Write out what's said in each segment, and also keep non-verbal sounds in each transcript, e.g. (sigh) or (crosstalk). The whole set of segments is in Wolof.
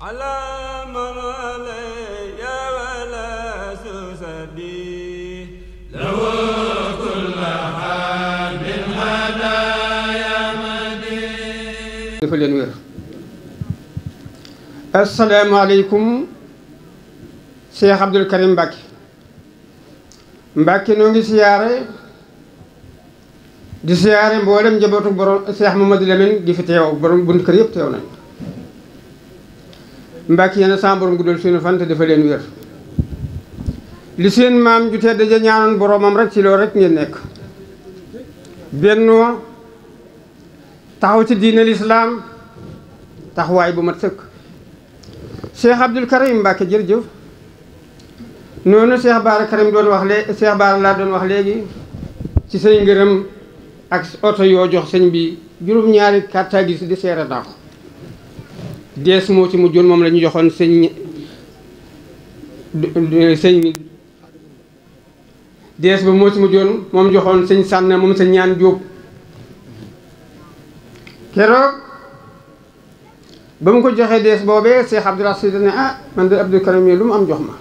على ولا كل حال هدايا مدين السلام عليكم شيخ عبد الكريم مباكي مباكي نونغي سياري دي سياري mboolem njabootu برون Cheikh Mamadou Lamine di fi برون borom bunt kër mbàkk yéen a sàmbaroon guddal suñu fan te dafa leen wér li seen maam ju tedd ja ñaanoon boroomam rek ci loolu rek ngeen nekk bennoo taxaw ci diine lislaam taxawaay bu mat sëkk Cheikh Abdoul Karim Mbacke jërëjëf noonu Cheikh Baara Karim doon wax léegi Cheikh Baara laa doon wax léegi ci say ngërëm ak oto yoo jox sëñ bi juróom-ñaari kàttaa si di seere naa ko dees moo ci mujjoon moom la ñu joxoon sëñ sëñ dees ba moo ci mujjoon moom joxoon sëñ sànna moom sëñ ñaan jóob keroog ba mu ko joxee dees boobee Cheikh Abdou Rassid ne ah man de Abdou Karim lu mu am jox ma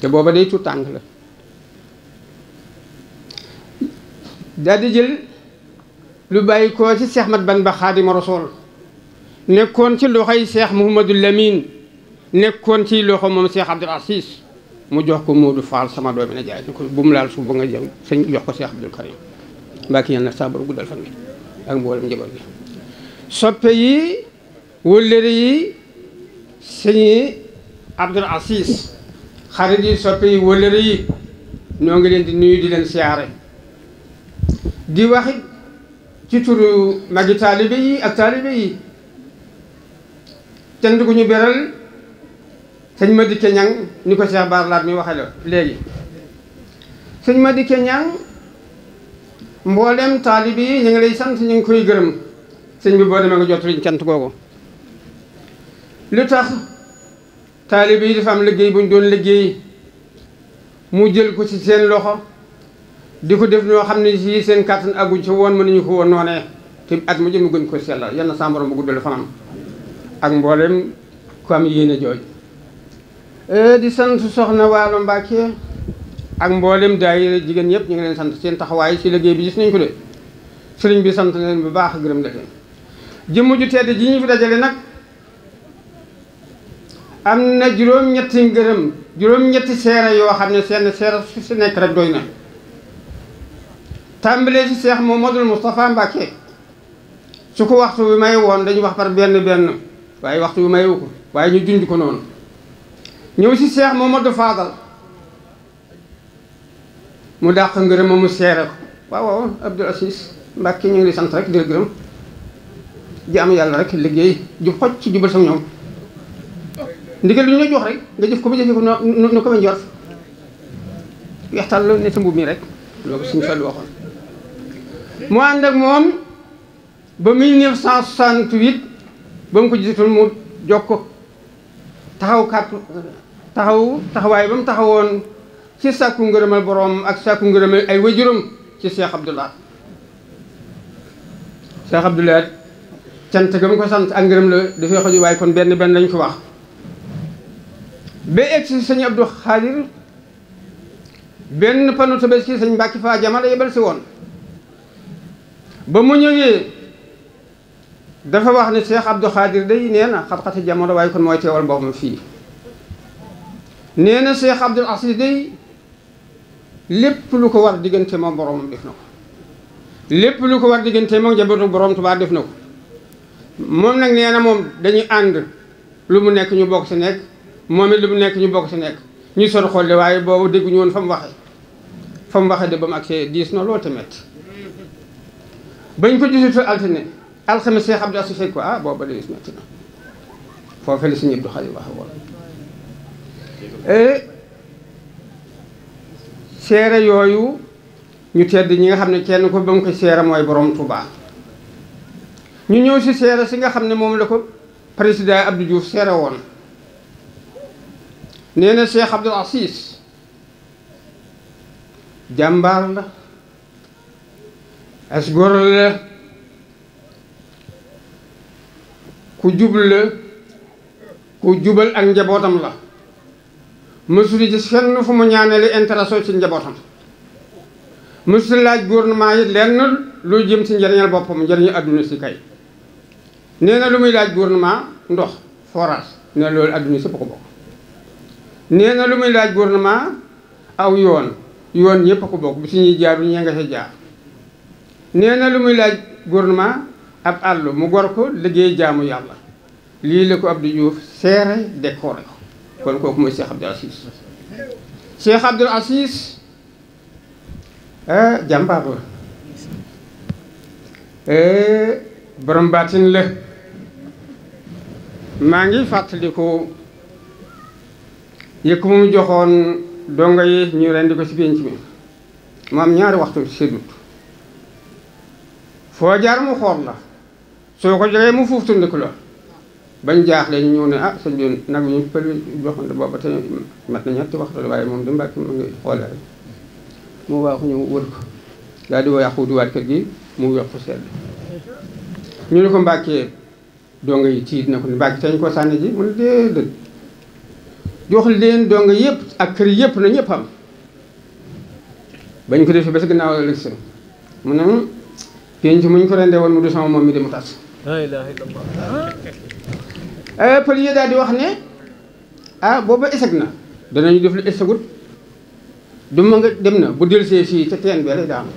te booba day tuut tànk la daldi jël lu bàyyi ko ci Cheikh Ahmad Bamba Xaadimu Rasuul nekkoon ci loxo loxoy Cheikh Mouhamadou Lamine nekkoon ci loxo moom Cheikh Abdoul Aziz mu jox ko Modou Fall sama doomi na jaay bu mu laal suuf ba nga jëm sañ jox ko Cheikh Abdoul Karim Mbacké yal na saabaru guddal fan bi ak mboolem njaboot bi soppe yi wëllëri yi sëñ Abdoul Aziz xarit yi soppe yi wëllëri yi ñoo ngi leen di nuyu di leen siyaare di waxit ci turu magi taalibe yi ak taalibe yi cant gu ñu beral sëñ Madické Niang ni ko Cheikh Bara Laat mi waxee la léegi sëñ Madické Niang mboolem taalib yi ñu ngi lay sant ñu ngi koy gërëm sëñ bi boo demee nga jot liñ cant kooku lu tax taalib yi dafa am liggéey bu ñu doon liggéey mu jël ko ci seen loxo di ko def ñoo xam ne si seen kàttan aguñ ci woon mënuñu ko woon noonee te at mu jëm mu gën ko sellal yenn saa bu guddal fanam ak mbooleem ku am yéene jooj e, di sant soxna Waalo Mbàkke ak mboolem daayira jigéen ñëpp ñu ngi leen sant seen taxawaay ci liggéey bi gis nañ ko de sëriñ bi sant na leen bu baax gërëm na leen jëmm ju tedd ji ñu fi dajale nag am na juróom-ñetti ngërëm juróom-ñetti seere yoo xam ne seen seere su si nekk rek doy na tàmbalee ci seex Muhammadul Moustapha Mbàkke su ko waxtu bi may woon dañu wax par benn benn waaye waxtu bi mayewu ko waaye ñu junj ko noonu ñëw si Cheikh Mamadou Fadal mu dàq ngërëm mu seere ko waaw waaw Abdoul Aziz Mbacke ñu ngi sant rek di la gërëm di am yàlla rek liggéey ju xoj ci jubal sa ñoom ndigal lu ñu la jox rek nga jëf ko ba jëfee ko no ko ba njort waxtaan loolu ne sa mbubb mi rek loolu suñu fàllu waxoon mu ànd ak moom ba ba mu ko gisatul mu jog taxaw kàttu taxaw taxawaay ba mu taxawoon ci sàkku ngërëmal boroom ak sàkku ngërëmal ay juróom ci Cheikh Abdoul Ahad Cheikh Abdoul Ahad cant ga mu ko sant ak ngërëm la dafay xoj waaye kon benn benn lañ ko wax ba egg si sëñ Abdou Khadir benn panu tabaski sëñ Mbàkke Faa Jama la yebal si woon ba mu ñëwee dafa wax ne Cheikh Abdou Khadir day nee na xat-xati jamono waaye kon mooy teewal mboppam fii nee na Cheikh Abdoul Aziz day lépp lu ko war diggante moom boromam def na ko lépp lu ko war diggante moom njabootu borom Tuubaa def na ko moom nag nee na moom dañuy ànd lu mu nekk ñu bokk si nekk moom it lu mu nekk ñu bokk si nekk ñu sor xool de waaye boobu dégguñu woon fa mu waxe fa mu waxe de ba mu agsee diis na lool te metti bañ ko gisut altine alxames see xam daa si fekk ko ah booba de metti na foofe la suñu Abdu Xaadir waxe woon eh, seere yooyu ñu tedd ñi nga xam ne kenn ko ba mu ko seere mooy borom Touba ñu ñëw si seere si nga xam ne moom la ko président Abdou Diouf seere woon nee na Cheikh Abdoul Aziz jàmbaar la as ku juble la ku jubal ak njabootam la mësul gis fenn fu mu ñaanale intérêt ci njabootam mësul laaj gouvernement yi lenn lu jëm ci njëriñal boppam njëriñu adduna si kay nee na lu muy laaj gouvernement ndox forage nee loolu adduna si ko bokk nee na lu muy laaj gouvernement aw yoon yoon ñëpp a ko bokk bi su jaar bi ñee nga sa jaar nee na lu muy laaj gouvernement ab àll mu gor ko liggéey jaamu yàlla lii la ko Abdou Diouf seere décoré ko kon kooku mooy Cheikh Abdou Aziz Cheikh Abdou Aziz eh, jàmbaar la eh, borom la maa ngi fàttaliku yëkk mu joxoon donga yi ñu rendi ko ci pénc mi moom ñaari waxtu séddut foo jaar mu xool la soo ko joxee mu fuuf tundiku la bañ jaaxle ñu ñëw ne ah sëñ bi nag ñu pël joxante booba te mat na ñetti waxtu la moom du mbàkk mu ngi waaxu ñëw wër ko di yàqu duwaat kër gi mu yokku sedd ñu ne ko mbàkkee donga yi tiit na ko ne mbàkke tañ ko sànni ji mu ne déedéet jox leen donga yëpp ak kër yëpp na ñëpp am bañ ko defee ba si gannaaw ëllëg si mu ne hmm, penc muñ ko rendee woon mu du sama moom mi di mu tas la ilaha illallah ah. eh, pël yi daal di wax ne ah booba eseg na dana ñu def lu esegut du ma nga dem na bu see fii ca teen bee lay daanu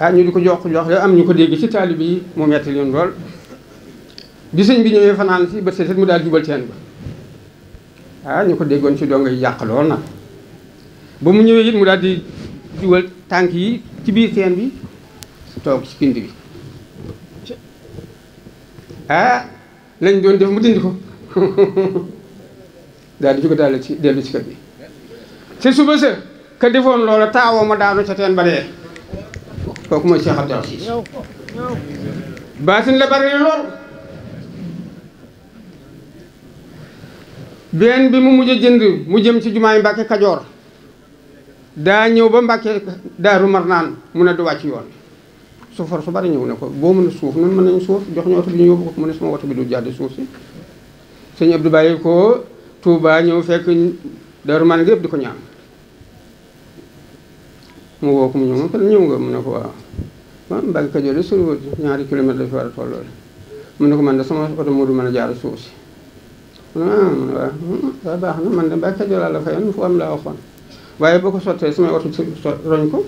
ah, ñu di ko jox jox ñu ko dégg ci taalib yi mu metti leen lool bi sëñ bi ñëwee fanaan si ba seet mu daal jubal teen ba ah ñu ko déggoon ci donga yi yàq lool na ba mu ñëwee it mu daal di jubal tànk yi ci biir teen bi toog ci pind bi ah lañ doon def mu dindi ko (laughs) daal di jóg daal ci dellu ci kër bi ci suba sa ka defoon loola taawoo ma daanu ca teen ba dee kooku mooy Cheikh Abdou baatin la bari lool benn bi mu mujj jënd mu jëm ci jumaay Mbàkke Kajoor daa ñëw ba Mbàkke Daaru naan mu ne du wàcc yoon sofar su bari ñëw ne ko boo mën a suuf noonu mën nañu suuf jox ñu oto bi ñu yóbbu ko mu ne sama oto bi du jàdd suuf si sëñ Abdou bàyyi ko Touba ñëw fekk Daaru di ko ñaan mu woo ko mu ñëw ko ñëw nga mu ne ko waaw man Mbàkke Kajoor ñaari kilomètre la war a tolloole mu ne ko man de sama oto moo du mën a jaar suuf si mu ah, baax na man de Mbàkke Kajoor laa la fayoon fu am laa waxoon waaye boo ko sottee samay oto roñ ko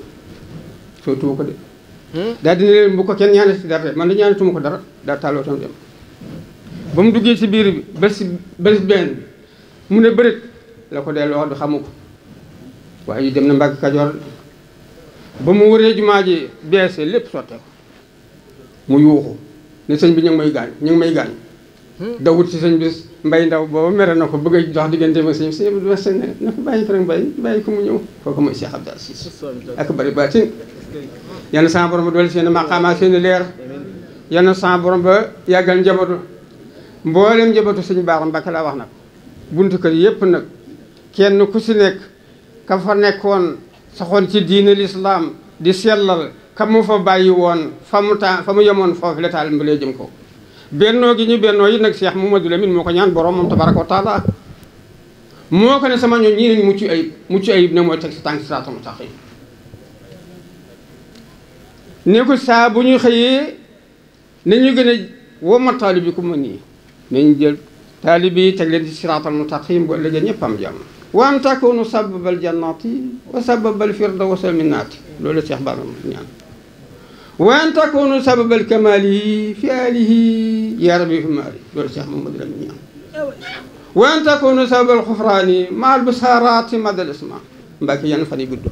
soo tuba ko de daal dina leen bu ko kenn ñaanal si dara man da ñaanatuma ko dara daal tàlloo tam dem ba mu duggee si biir bi ba si ba si benn bi mu ne bërit la ko delloo du xamu ko waaye yu dem na Mbàkke Kajoor ba mu wëree jumaa ji bees lépp sotte ko mu yuuxu ne sëñ bi ñu ngi may gaañ ñu ngi may gaañ dawut si sëñ bis mbay ndaw booba mere na ko bëgg a dox diggante ma sëñ si ma sëñ ne na ko bàyyi ko rek mbay bàyyi ko mu ñëw kooku mooy Cheikh Abdou yal na sama borom ba dool seen maqaama seen leer yal na borom ba yàggal njabootu mboolem njabootu suñu baaram Mbàkke laa wax nag buntu kër yëpp nag kenn ku si nekk ka fa nekkoon saxoon ci diine lislaam di sellal ka mu fa bàyyi woon fa mu taa fa mu yemoon foofu la taalim ba lay jëm ko bennoo gi ñu bennoo yi nag Cheikh Mamadou Lamine moo ko ñaan borom moom tabaraka wa moo ko ne sama ñoom ñii nañ mucc ayib mucc ayib ne mooy teg si tànk si siraatal mustaqiim ne ko saa bu ñu xëyee nañu gën a womma taalibikum ma nii nañ jël taalib yi teg leen ci siraatal mustaqim bu ëllëgee ñëpp am jàmm wa an takunu sababal jannaati wa sababal firdawsal minnaati loolu Cheikh Bara ñaan wa an takunu sababal kamaali fi alihi ya rabbi fi maali loolu Cheikh Mamadou la ñaan wa an takunu sababal xufraani ma al bisaaraati madal isma mbaa ki yan fan yi gudd.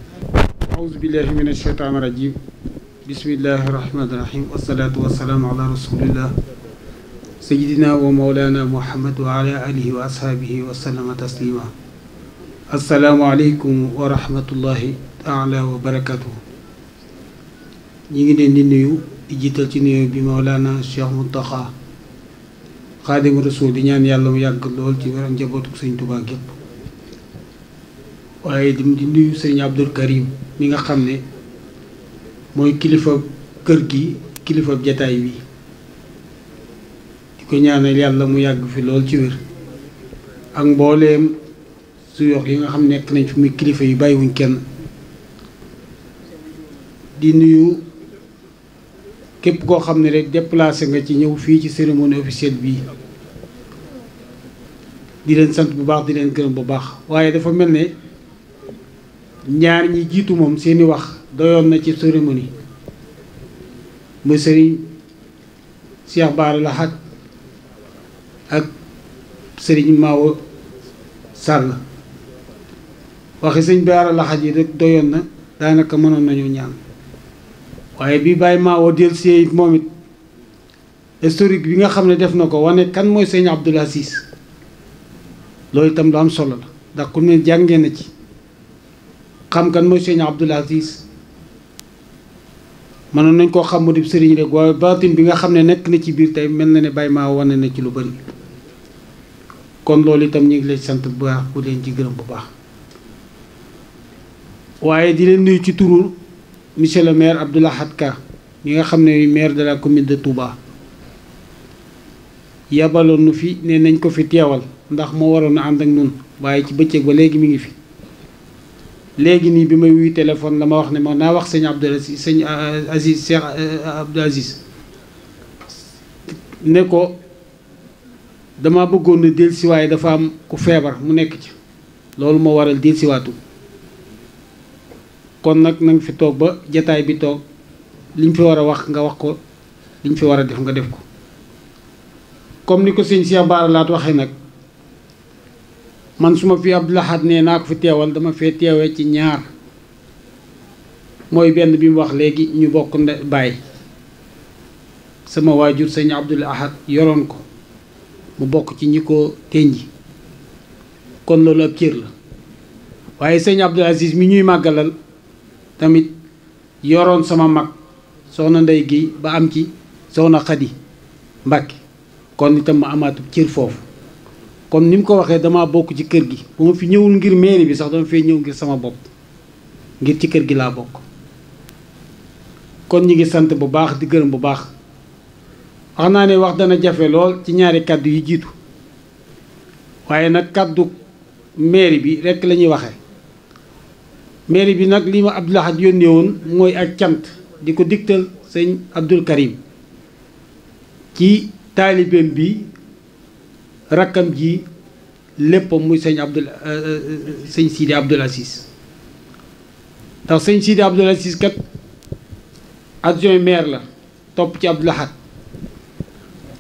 aouzu billahi min acheytaan rajim بسم الله الرحمن الرحيم والصلاة والسلام على رسول الله سيدنا ومولانا محمد وعلى آله وأصحابه وسلم تسليما السلام عليكم ورحمة الله تعالى وبركاته نيجي نيو جيتال سي نيو بي مولانا الشيخ منتخب xaadimu الرسول di يالله yàlla mu yàgg lool ci wéram njabootu sëñ Tuubaa gépp waaye di di nuyu sëñ Abdul mooy kilifa kër gi kilifa jataay wi di ko ñaanal yàlla mu yàgg fi lool ci wér ak mbooleem su yox yi nga xam nekk nañ fi muy kilifa yu bàyyiwuñ kenn di nuyu képp koo xam ne rek déplacé nga ci ñëw fii ci cérémonie officielle bi di leen sant bu baax di leen gërëm bu baax waaye dafa mel ne ñaar ñi jiitu moom seeni wax doyoon na ci cérémonie muy sëriñ Cheikh Bara Lahad ak sëriñ Mawo Sall waxi sëñ Bara Lahad yi rek doyoon na daanaka mënoon nañu ñaan waaye bi Baye Mawo del see it moom it historique bi nga xam ne def na ko wane kan mooy sëñ Abdoul Aziz loolu itam lu am solo la ndax ku ne jàngee na ci xam kan mooy sëñ Abdoul Aziz mënoon nañ koo xam mu di sëriñ rek waaye baatin bi nga xam ne nekk na ci biir tey mel na ne Baye Maw wane na ci lu bëri kon loolu itam ñu ngi leen sant bu baax bu leen ci gërëm bu baax waaye di leen nuyu ci turu monsieur le maire Abdou Lahad Ka mi nga xam ne maire de la de Touba yabaloon nu fi ne nañ ko fi teewal ndax moo waroon a ànd ak nun waaye ci bëccëg ba léegi mi ngi fi léegi nii bi may wuy téléphone la ma wax ne ma naa wax sëñ Abdou Aziz sëñ euh, Aziz Cheikh euh, Abdou Aziz ne ko dama bëggoon na dellusi waaye dafa am ku feebar mu nekk ci loolu moo waral dellusiwaatu kon nag na fi toog ba jataay bi toog liñ fi war a wax nga wax ko liñ fi war a def nga def ko comme ni ko sëñ Cheikh Bara Laat waxee nag man suma fi Abdul ne nak fi tewal dama fee tewé ci ñaar moy benn bi mu wax légui ñu bokk nde sama wajur sëñ Abdul Ahad yoroon ko mu bokk ci ñiko tenji kon la waye sëñ Abdul Aziz mi ñuy magalal tamit yoron sama mak, soxna ndey gi ba am ci soxna khadi mbacke kon itam ma amatu fofu kon ni mu ko waxee dama bokk ci kër gi bu ma fi ñëwul ngir mairie bi sax dama fee ñëw ngir sama bopp ngir ci kër gi laa bokk kon ñi ngi sant bu baax di gërëm bu baax wax naa ne wax dana jafe lool ci ñaari kàddu yi jiitu waaye nag kàddu mairie bi rekk lañuy ñuy waxee bi nag li ma Abdou Lahad yónnee woon mooy ak cant di ko digtal sëñ Abdul Karim ci taalibeem bi rakkam ji lépp muy sëñ Abdul euh, euh, euh, sëñ Sidi Abdul Aziz ndax sëñ Sidi Abdul Aziz kat adjoint maire la topp ci Abdul Ahad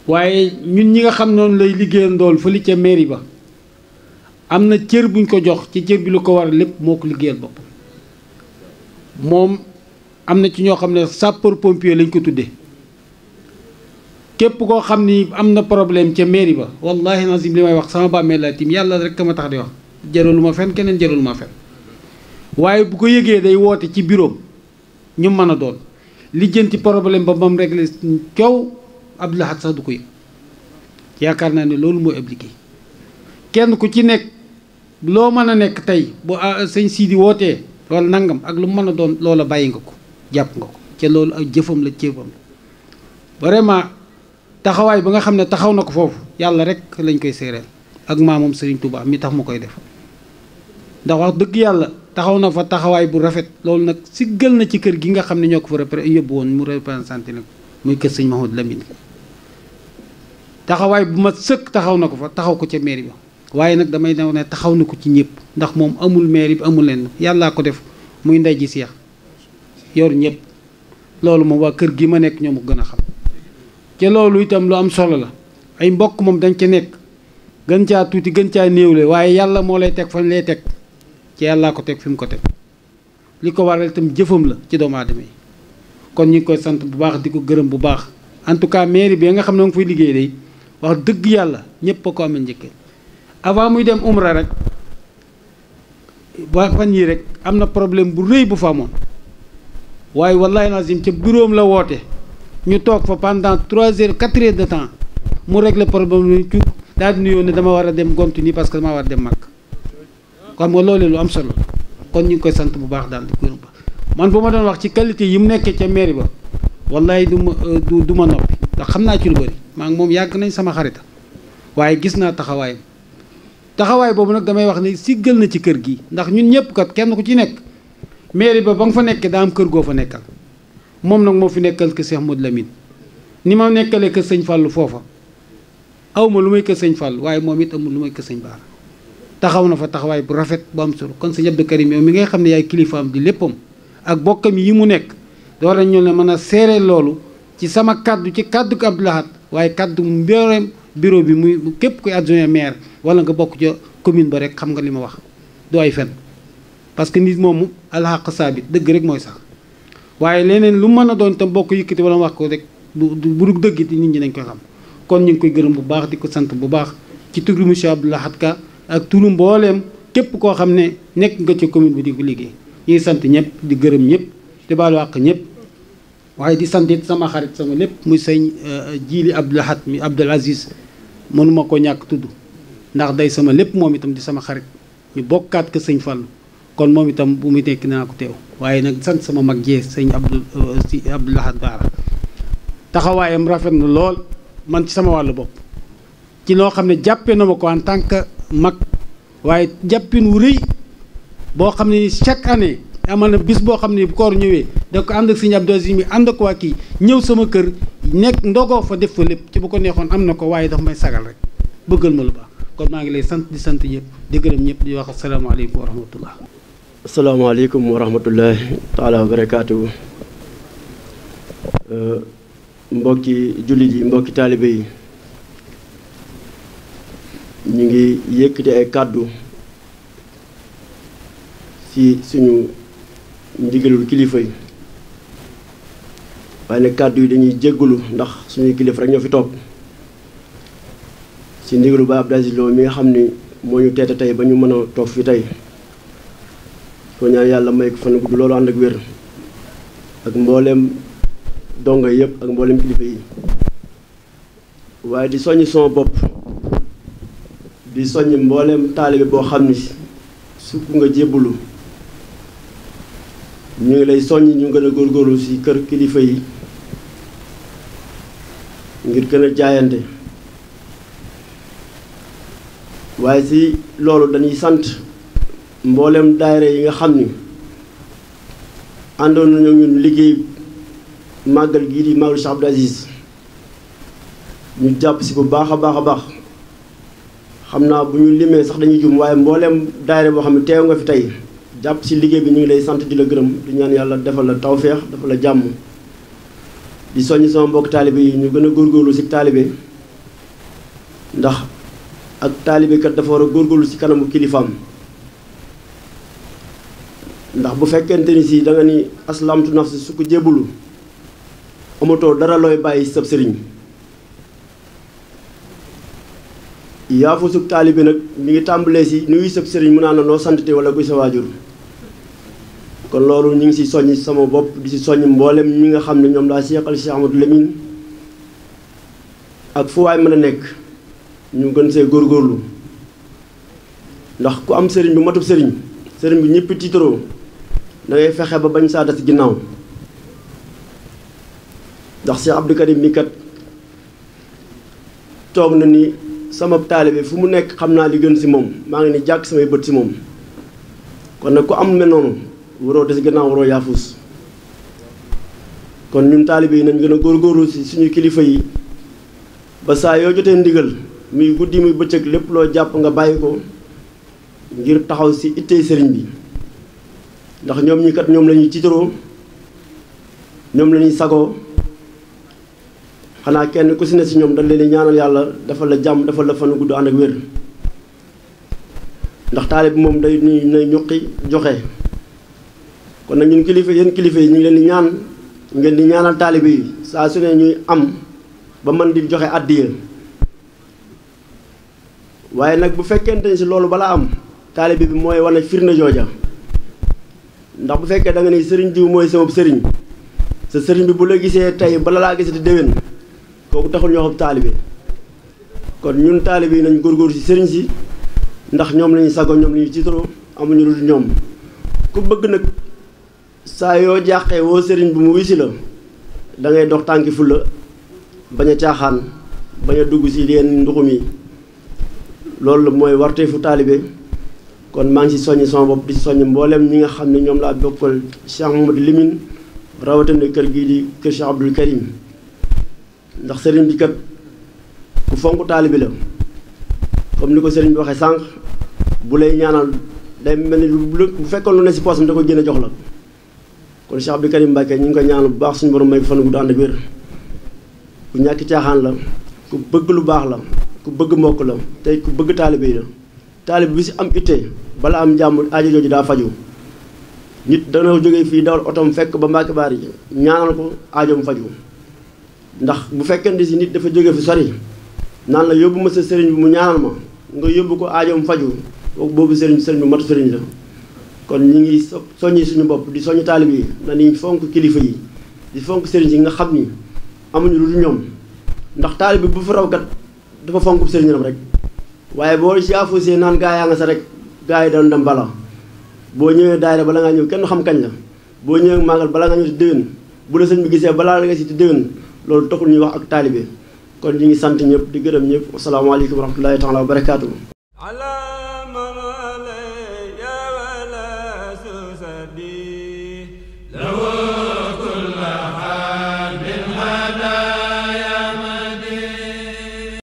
waaye ñun ñi nga xam noonu lay liggéeyal ndool fële ca mairie ba am na cër buñ ko jox ci cër bi lu ko war lépp moo ko liggéeyal bopp moom am na ci ñoo xam ne sapeur pompier lañ ko tuddee képp koo xam ni am na problème ca mairie ba wallahi nazim li may wax sama bàmmeel laa tiim yàlla rek ka ma tax di wax jaralu ma fen keneen jaralu ma fen waaye bu ko yëgee day woote ci buroom ñu mën a doon lijjanti problème ba moom réglé coow Abdou Lahad sax du ko yëg yaakaar naa ne loolu moo appliqué kenn ku ci nekk loo mën a nekk tey bu ah, sëñ Sidi wootee wala nangam ak lu mën a doon loola bàyyi nga ko jàpp nga ko ca loolu ak jëfam la céefam la taxaway ba nga xamne taxaw nako fofu yàlla rek lañ koy séeréel ak mamum Serigne Touba mi tax mu koy def ndax wax deug yàlla taxaw na fa taxaway bu rafet nak ci gel na ci kër gi nga xamne ñoko fa repre yeb won mu représenté nak muy kër serigne mahoud Lamine taxaway bu ma seuk taxaw nako fa taxaw ko ci mairie ba waye nak damay daw ne taxaw nako ci ñëpp ndax mom amul mairie bi amul len yalla ko def muy ndey ji seex yor ñëpp loolu mo wa kër gi ma nek ñom gëna xam ce loolu itam lu am solo la ay mbokk moom dañ ca nekk gën caa tuuti gën caa néewle waaye yàlla moo lay teg fañ lay teg ci yàllaa ko teg fi mu ko teg li ko waral itam jëfam la ci doomu aadama yi kon ñu koy sant bu baax di ko gërëm bu baax en tout cas mairie bi nga xam ne nga fay liggéey day wax dëgg yàlla ñëpp a ko amee njëkkee avant muy dem umra rek ba fan yii rek am na problème bu rëy bu fa amoon waaye wallahi lazim ca buroom la woote ñu toog fa pendant trois heures quatre heures de temps mu régler problème bi cuub daal di nuyoo ne dama war a dem gomtu nii parce que dama war a dem mag xam nga loolu lu am solo kon ñu ngi koy sant bu baax daal di gërëm man bu ma doon wax ci qualité yi mu nekkee ca mairie ba wallahi du ma euh, du ma noppi ndax xam naa ci lu bëri maa moom yàgg nañ sama xarita waaye gis naa taxawaay taxawaay boobu nag damay wax ne siggal na ci kër gi ndax ñun ñëpp kat kenn ku ci nekk mairie ba ba nga fa nekkee daa kër goo fa nekkal. moom nag moo fi nekkal kër Cheikh Modou Lamine ni ma nekkalee kër sëñ Fallou foofa awma lu may kër sëñ waaye moom it amul lu may kër sëñ taxaw na fa taxawaay bu rafet bu am solo kon sa Abdou Karim yow mi ngay xam ne yaay kilifaam di léppam ak bokkam yi mu nekk door nañ ñu ne mën a seere loolu ci sama kàddu ci kaddu ko Abdou Lahad waaye kaddu mbooleem bureau bi muy képp koy adjoint maire wala nga bokk ca commune ba rek xam nga li ma wax du ay fen parce que nit moomu alxaq dëgg rek mooy sax waaye leneen lu mën a doon tam bokk yëkkati wala wax ko rek bu du dëgg nit ñi nañ koo xam kon ñu ngi koy gërëm bu baax di ko sant bu baax ci turu monsieur Abdou Lahad Ka ak turu mbooleem képp koo xam ne nekk nga ci commune bi di liggéey ñuy sant ñëpp di gërëm ñëpp di baalu àq ñëpp waaye di sant sama xarit sama lépp muy sëñ euh, Jili Abdou Lahad mi Abdoul Aziz mënuma ko ñàkk tudd ndax day sama lépp moom itam di sama xarit ñu bokkaat ko sëñ Fallou kon mom itam bu mi tek ko sant sama mag je seigne abdul euh, si Lahad Baara taxawayam rafet na lol man ci sama walu bop ci lo xamne jappé jàppee na ma ko en tant que mag waye jappin wu reuy bo xamne chaque année amana bis bo xamne ne bu koor ñëwee da ko and ak seigne Abdou Aziz mi ak waa kii sama kër nek ndogo fa def fa lepp ci bu ko neexon amna ko waye dafa may sagal rek bëggal ma lu ba kon ma ngi lay sante di sante ñëpp di gërëm ñëpp di wax alaykum wa rahmatullah asalaamaaleykum wa rahmatullahi taala wa barakaatu euh, mbokki jullit yi mbokki taalibe yi ñu ngi yëkkati ay kàddu si suñu ndigalul kilifa yi waaye nag kàddu yi dañuy jéggalu ndax suñuy kilifa rek ñoo fi toog si ndigalu ba Abdou Aziz mi nga xam ni moo ñu teete tey ba ñu mën a toog fi tey ko yàlla may ko fan gudd loolu ànd ak wér ak mbooleem dongo yëpp ak mbooleem kilifa yi waaye di soññ sama bopp di soññ mbooleem taalibe boo xam ni sukk nga jébbalu ñu ngi lay soññ ñu gën a góorgóorlu ci kër kilifa yi ngir gën a jaayante waaye ci loolu dañuy sant mboolem daayira yi nga xam ni àndoon nañu ñu liggéey màggal gii di màggal Cheikh Abdou ñu jàpp si bu baax a baax a baax xam naa bu ñu limee sax dañuy jum waaye mboolem daayira boo xam ne teew nga fi tey jàpp si liggéey bi ñu ngi lay sant di la gërëm di ñaan yàlla defal la tawféex defal la jàmm di soññ sama mbokk taalibe yi ñu gën a góorgóorlu si taalibe ndax ak taalibe kat dafa war a góorgóorlu si kanamu kilifaam. ndax bu fekkente ni si danga nga ni aslamtu si su ko jébbalu amatoo dara looy bàyyi sab sëriñ yaafusug taalibe nag mi ngi tàmbalee si nuyu sab sëriñ mu naan la noo santite wala kuy sa waajur kon loolu ñu ngi si soññ sama bopp di si soññ mboolem ñi nga xam ne ñoom laa seexal Cheikh Amadou Lamine ak fu waay mën a nekk ñu gën see góorgóorlu ndax ku am sëriñ bu matub sëriñ sëriñ bi ñëpp tiitaroo dangay fexe ba bañ saa des ginnaaw ndax si Abdou Karim mi toog na ni sama taalibe fu mu nekk xam naa li gën si moom maa ngi ni jàkk samay bët si moom kon nag ku am mel noonu waroo des ginnaaw waroo yaafus kon ñun taalibe yi nañ gën a góorgóorlu si suñu kilifa yi ba saa yoo jotee ndigal muy guddi muy bëccëg lépp loo jàpp nga bàyyi ko ngir taxaw si ittey sëriñ bi ndax ñom ñi kat ñom la titro ñom ñoom sago xana kenn ku ci ne ci ñom dañ leen ñaanal yalla dafa la jam dafa la fanu gudd and ak wër ndax talib mom day nuy nay ñuqi joxe kon nag ñun kilifa yeen kilifa ñu leen ñaan ngeen di ñaanal talib yi saa su ne ñuy am ba man di joxe addiya waye nak bu fekkente ci lolu bala am talib bi moy wane firna jojja ndax bu fekkee da nga ni sëriñ diw mooy sama sëriñ sa sëriñ bi bu la gisee tey bala laa di déwén kooku taxul ñoo xam taalibe kon ñun taalibe yi nañ góorgóor si sëriñ si ndax ñoom lañu sago ñoom lañu ci tiitaroo amuñu lu dul ñoom ku bëgg nag saa yoo jàqee woo sëriñ bi mu wisi la da ngay dox tànki fulla bañ a caaxaan bañ a dugg si yenn nduxum yi loolu mooy fu taalibe kon maa ngi si soññ sama bopp di soññ mboolem ñi nga xam ne ñoom laa bokkal Cheikh Mamadou Limine rawatina kër gii di kër Cheikh Abdoul Karim ndax sëriñ bi kat ku fonk taalibi la comme ni ko sëriñ waxee sànq bu lay ñaanal day mel ni bu fekkoon lu ne si poosam da ko génne jox la kon Cheikh Abdoul Karim Mbacke ñu ngi ko ñaanal bu baax suñu borom may ko fan gu ànd ak wér ku ñàkk caaxaan la ku bëgg lu baax la ku bëgg mbokk la tey ku bëgg taalibe la taalib bi si am ittee balaa am njàmbur aajo jooju daa faju nit dana jóge fii dawal otom fekk ba Mbàkke Baari ñaanal ko aajoom faju ndax bu fekkente nit dafa jóge fi sori naan la yóbbu ma sa sëriñ bi mu ñaanal ma nga yóbbu ko aajoom faju boobu sëriñ sëriñ bi matu sëriñ la kon ñu ngi soññi suñu bopp di soññ taalib yi ni fonk kilifa yi di fonk sëriñ yi nga xam ni amuñu lu dul ñoom ndax taalib bi bu fi raw kat dafa fonk sëriñam rek waaye boo si afusee naan gaa yaa nga sa rek gaa yi doon dem bala boo ñëwee daayira bala ngaa ñëw kenn xam kañ la boo ñëwee màggal bala nga ñëw ci déwén bu la sëñ bi gisee balaa nga si ci déwén loolu taxul ñuy wax ak taalibe kon ñu ngi sant ñëpp di gërëm ñëpp asalaamaaleykum wa rahmatulahi taala wa barakaatu.